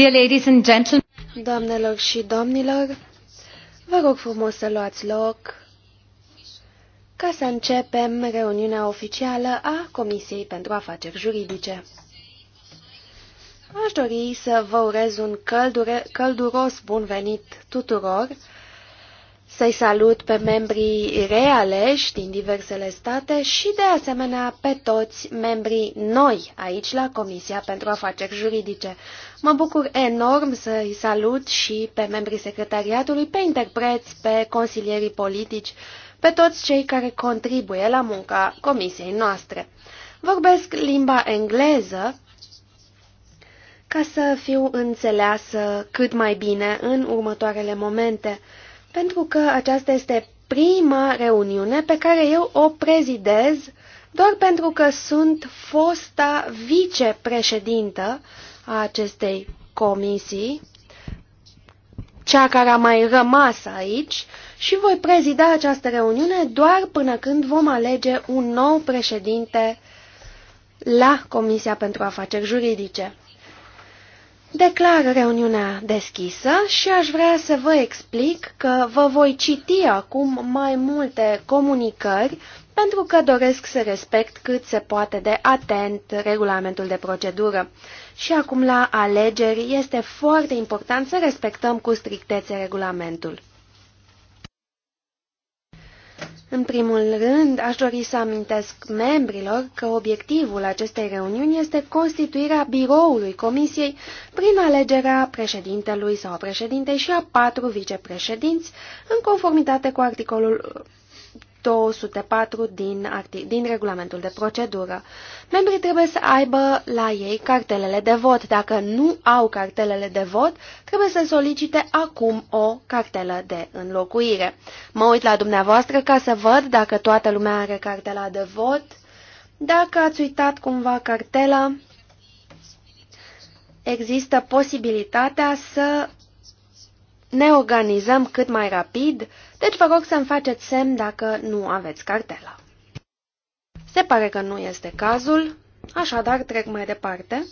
Dear ladies and gentlemen, Doamnelor și domnilor, vă rog frumos să luați loc ca să începem reuniunea oficială a Comisiei pentru Afaceri Juridice. Aș dori să vă urez un căldure, călduros bun venit tuturor să-i salut pe membrii realeși din diversele state și, de asemenea, pe toți membrii noi aici la Comisia pentru Afaceri Juridice. Mă bucur enorm să-i salut și pe membrii secretariatului, pe interpreți, pe consilierii politici, pe toți cei care contribuie la munca comisiei noastre. Vorbesc limba engleză ca să fiu înțeleasă cât mai bine în următoarele momente pentru că aceasta este prima reuniune pe care eu o prezidez doar pentru că sunt fosta vicepreședintă a acestei comisii, cea care a mai rămas aici, și voi prezida această reuniune doar până când vom alege un nou președinte la Comisia pentru Afaceri Juridice. Declar reuniunea deschisă și aș vrea să vă explic că vă voi citi acum mai multe comunicări pentru că doresc să respect cât se poate de atent regulamentul de procedură. Și acum la alegeri este foarte important să respectăm cu strictețe regulamentul. În primul rând, aș dori să amintesc membrilor că obiectivul acestei reuniuni este constituirea biroului comisiei prin alegerea președintelui sau președintei și a patru vicepreședinți, în conformitate cu articolul 204 din, din regulamentul de procedură. Membrii trebuie să aibă la ei cartelele de vot. Dacă nu au cartelele de vot, trebuie să solicite acum o cartelă de înlocuire. Mă uit la dumneavoastră ca să văd dacă toată lumea are cartela de vot. Dacă ați uitat cumva cartela, există posibilitatea să ne organizăm cât mai rapid deci vă rog să-mi faceți semn dacă nu aveți cartela. Se pare că nu este cazul, așadar trec mai departe.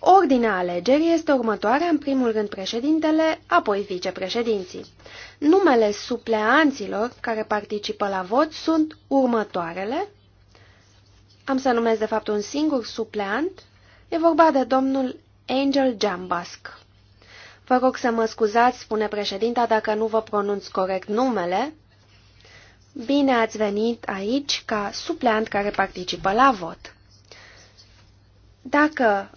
Ordinea alegerii este următoarea, în primul rând președintele, apoi vicepreședinții. Numele supleanților care participă la vot sunt următoarele. Am să numesc de fapt un singur supleant. E vorba de domnul Angel Jambasc. Vă rog să mă scuzați, spune președinta, dacă nu vă pronunț corect numele. Bine ați venit aici ca supleant care participă la vot. Dacă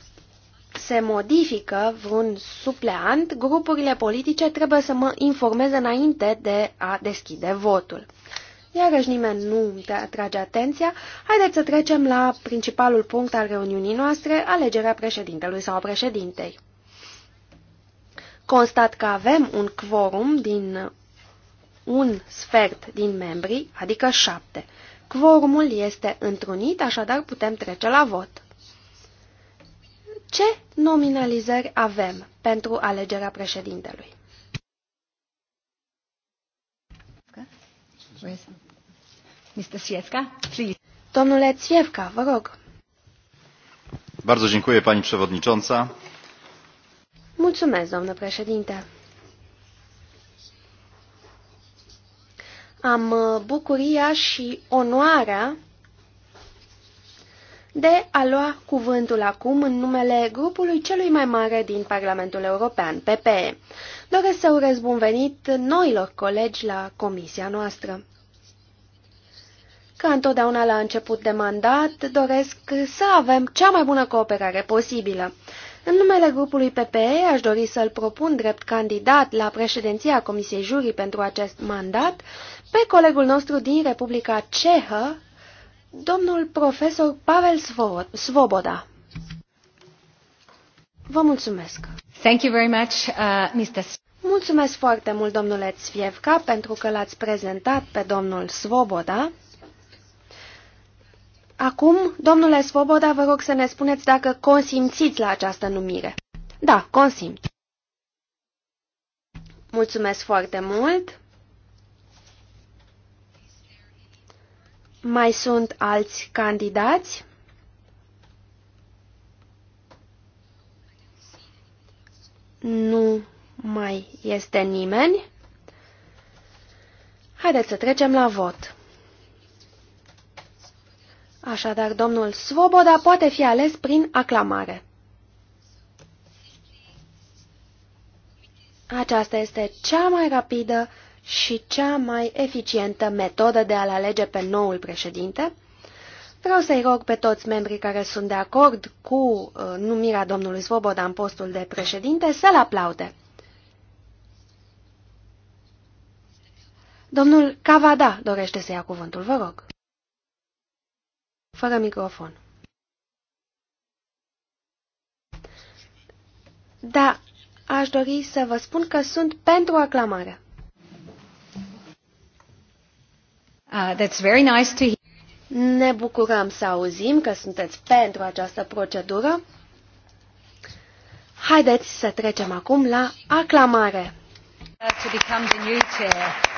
se modifică vreun supleant, grupurile politice trebuie să mă informeze înainte de a deschide votul. Iarăși nimeni nu atrage atenția, haideți să trecem la principalul punct al reuniunii noastre, alegerea președintelui sau a președintei constat că avem un quorum din un sfert din membri, adică șapte. Quorumul este întrunit, așadar putem trece la vot. Ce nominalizări avem pentru alegerea președintelui? Mr. Siewka, please. Domnule Siewka, vă rog. Bardzo dziękuję, pani przewodnicząca. Mulțumesc, doamnă președinte. Am uh, bucuria și onoarea de a lua cuvântul acum în numele grupului celui mai mare din Parlamentul European, PPE. Doresc să urez bun venit noilor colegi la comisia noastră. Ca întotdeauna la început de mandat, doresc să avem cea mai bună cooperare posibilă. În numele grupului PPE aș dori să-l propun drept candidat la președinția Comisiei Jurii pentru acest mandat pe colegul nostru din Republica Cehă, domnul profesor Pavel Svoboda. Vă mulțumesc. Thank you very much, uh, Mr. Mulțumesc foarte mult, domnule Tsvievka, pentru că l-ați prezentat pe domnul Svoboda. Acum, domnule Svoboda, vă rog să ne spuneți dacă consimțiți la această numire. Da, consimt. Mulțumesc foarte mult. Mai sunt alți candidați? Nu mai este nimeni. Haideți să trecem la vot. Așadar, domnul Svoboda poate fi ales prin aclamare. Aceasta este cea mai rapidă și cea mai eficientă metodă de a-l alege pe noul președinte. Vreau să-i rog pe toți membrii care sunt de acord cu uh, numirea domnului Svoboda în postul de președinte să-l aplaude. Domnul Cavada dorește să ia cuvântul, vă rog. Fără microfon. Da, aș dori să vă spun că sunt pentru aclamare. Uh, that's very nice to hear. Ne bucurăm să auzim că sunteți pentru această procedură. Haideți să trecem acum la aclamare. Uh, to become the new chair.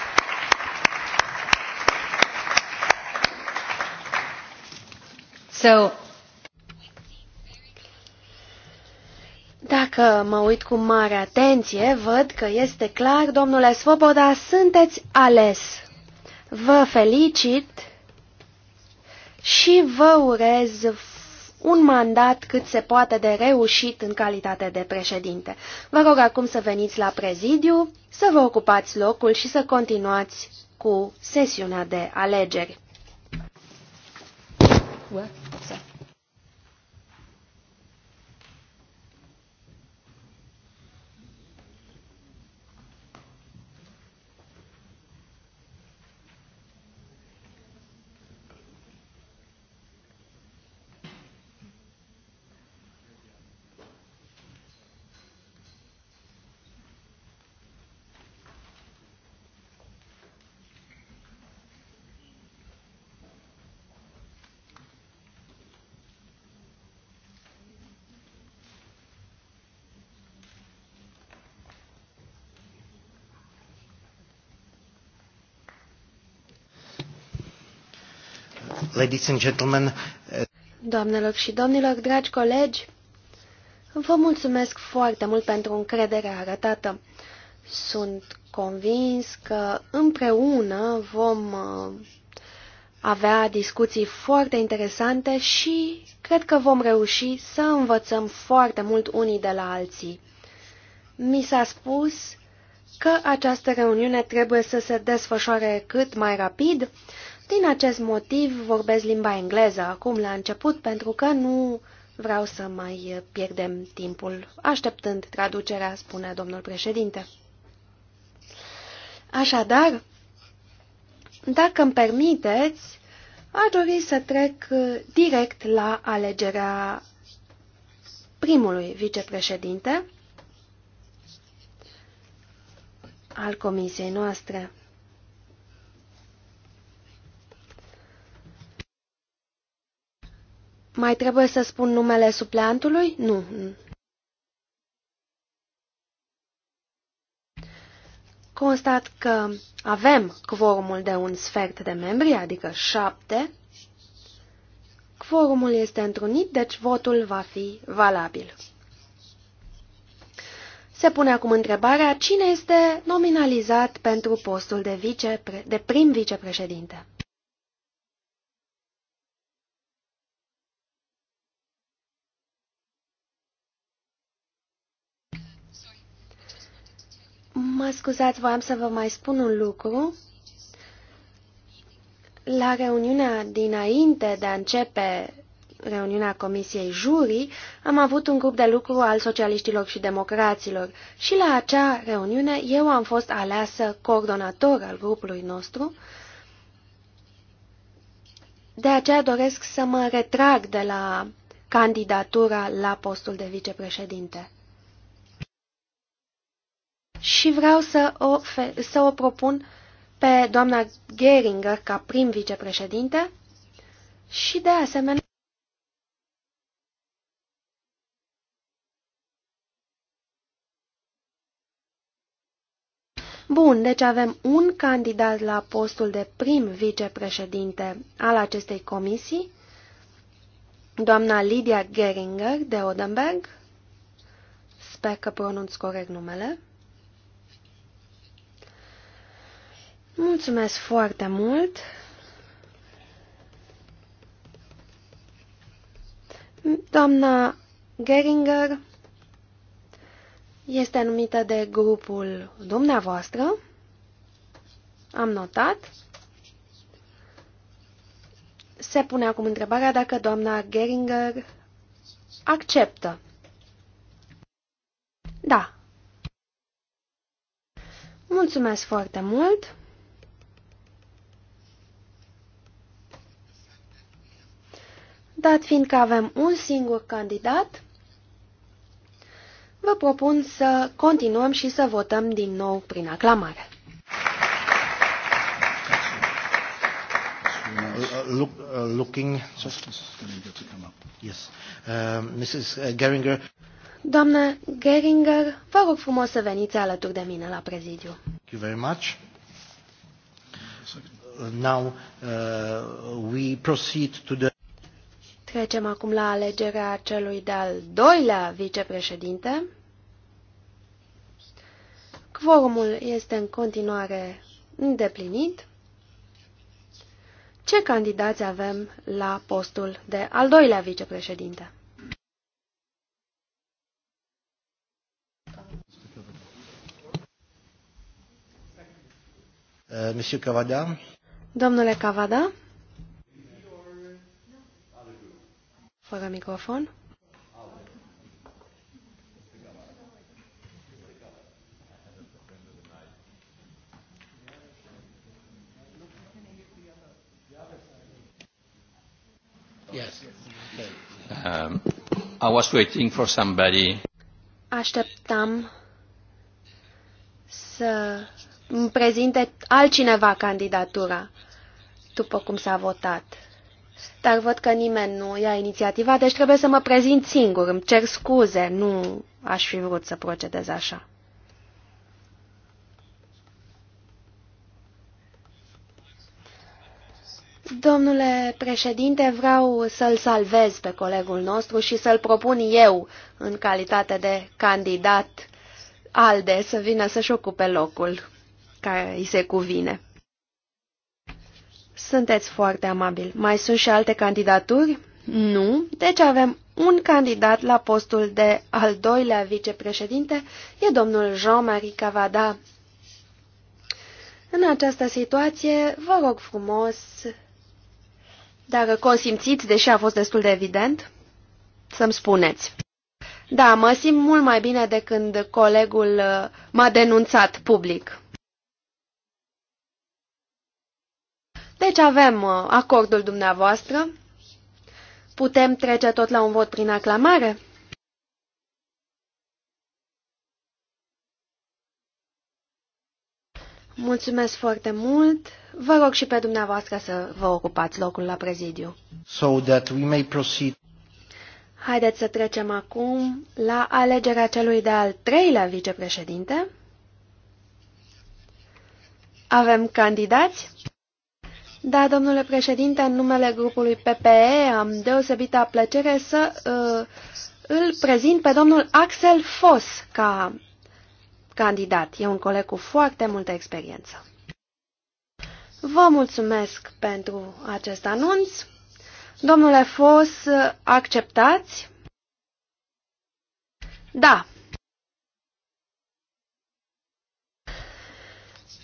So, Dacă mă uit cu mare atenție, văd că este clar, domnule Svoboda, sunteți ales. Vă felicit și vă urez un mandat cât se poate de reușit în calitate de președinte. Vă rog acum să veniți la prezidiu, să vă ocupați locul și să continuați cu sesiunea de alegeri. What? ladies and gentlemen. Doamnelor și domnilor, dragi colegi, vă mulțumesc foarte mult pentru încrederea arătată. Sunt convins că împreună vom uh, avea discuții foarte interesante și cred că vom reuși să învățăm foarte mult unii de la alții. Mi s-a spus că această reuniune trebuie să se desfășoare cât mai rapid din acest motiv vorbesc limba engleză acum la început pentru că nu vreau să mai pierdem timpul așteptând traducerea, spune domnul președinte. Așadar, dacă îmi permiteți, aș dori să trec direct la alegerea primului vicepreședinte al comisiei noastre. Mai trebuie să spun numele supleantului? Nu. Constat că avem quorumul de un sfert de membri, adică șapte. Quorumul este întrunit, deci votul va fi valabil. Se pune acum întrebarea cine este nominalizat pentru postul de, vice, de prim vicepreședinte. scuzați, voiam să vă mai spun un lucru. La reuniunea dinainte de a începe reuniunea Comisiei Jurii, am avut un grup de lucru al socialiștilor și democraților și la acea reuniune eu am fost aleasă coordonator al grupului nostru. De aceea doresc să mă retrag de la candidatura la postul de vicepreședinte și vreau să o, să o propun pe doamna Geringer ca prim vicepreședinte și de asemenea Bun, deci avem un candidat la postul de prim vicepreședinte al acestei comisii, doamna Lydia Geringer de Odenberg, sper că pronunț corect numele, Mulțumesc foarte mult! Doamna Geringer este numită de grupul dumneavoastră. Am notat. Se pune acum întrebarea dacă doamna Geringer acceptă. Da. Mulțumesc foarte mult! Dat fiind că avem un singur candidat, vă propun să continuăm și să votăm din nou prin aclamare. Uh, look, uh, looking, just, yes, uh, Mrs. Geringer. Doamna Geringer, vă rog frumos să veniți alături de mine la prezidiu. Thank you very much. Uh, now uh, we proceed to the Trecem acum la alegerea celui de-al doilea vicepreședinte. Quorumul este în continuare îndeplinit. Ce candidați avem la postul de al doilea vicepreședinte? Uh, Domnule Cavada. fără microfon. Yes. Um, I was waiting for somebody. Așteptam să îmi prezinte altcineva candidatura după cum s-a votat. Dar văd că nimeni nu ia inițiativa, deci trebuie să mă prezint singur. Îmi cer scuze, nu aș fi vrut să procedez așa. Domnule președinte, vreau să-l salvez pe colegul nostru și să-l propun eu, în calitate de candidat ALDE, să vină să-și ocupe locul care îi se cuvine. Sunteți foarte amabil. Mai sunt și alte candidaturi? Nu. Deci avem un candidat la postul de al doilea vicepreședinte, e domnul Jean-Marie Cavada. În această situație, vă rog frumos, dacă consimțiți, deși a fost destul de evident, să-mi spuneți. Da, mă simt mult mai bine de când colegul uh, m-a denunțat public. Deci avem uh, acordul dumneavoastră. Putem trece tot la un vot prin aclamare? Mulțumesc foarte mult. Vă rog și pe dumneavoastră să vă ocupați locul la prezidiu. So that we may proceed. Haideți să trecem acum la alegerea celui de-al treilea vicepreședinte. Avem candidați? Da, domnule președinte, în numele grupului PPE am deosebită plăcere să uh, îl prezint pe domnul Axel Foss ca candidat. E un coleg cu foarte multă experiență. Vă mulțumesc pentru acest anunț. Domnule Fos, acceptați? Da,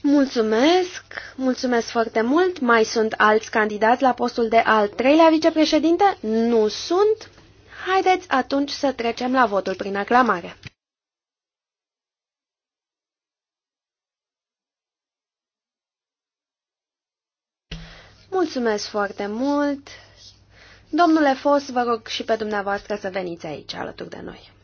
Mulțumesc, mulțumesc foarte mult. Mai sunt alți candidați la postul de al treilea vicepreședinte? Nu sunt. Haideți atunci să trecem la votul prin aclamare. Mulțumesc foarte mult. Domnule Fos, vă rog și pe dumneavoastră să veniți aici alături de noi.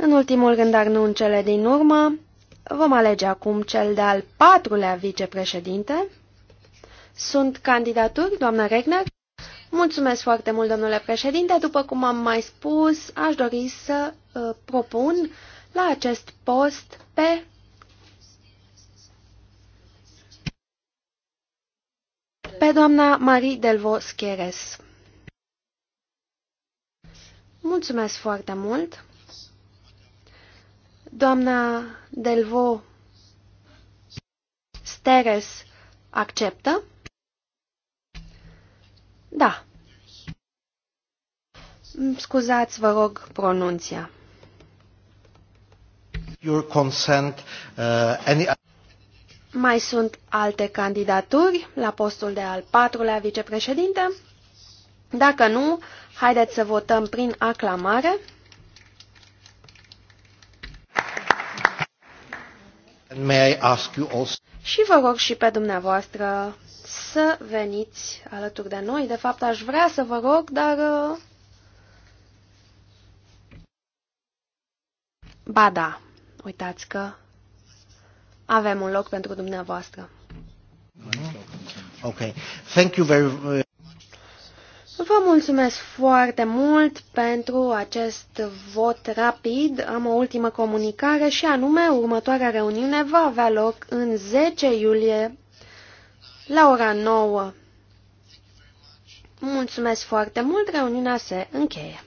În ultimul rând, dar nu în cele din urmă, vom alege acum cel de-al patrulea vicepreședinte. Sunt candidaturi, doamna Regner? Mulțumesc foarte mult, domnule președinte. După cum am mai spus, aș dori să uh, propun la acest post pe pe doamna Marie Delvo Scheres. Mulțumesc foarte mult! Doamna Delvo Steres acceptă? Da. Scuzați, vă rog, pronunția. Your consent, uh, any... Mai sunt alte candidaturi la postul de al patrulea vicepreședinte? Dacă nu, haideți să votăm prin aclamare. may I ask you also... Și vă rog și pe dumneavoastră să veniți alături de noi. De fapt, aș vrea să vă rog, dar... Uh, ba da, uitați că avem un loc pentru dumneavoastră. Ok. Thank you very Vă mulțumesc foarte mult pentru acest vot rapid. Am o ultimă comunicare și anume, următoarea reuniune va avea loc în 10 iulie la ora 9. Mulțumesc foarte mult, reuniunea se încheie.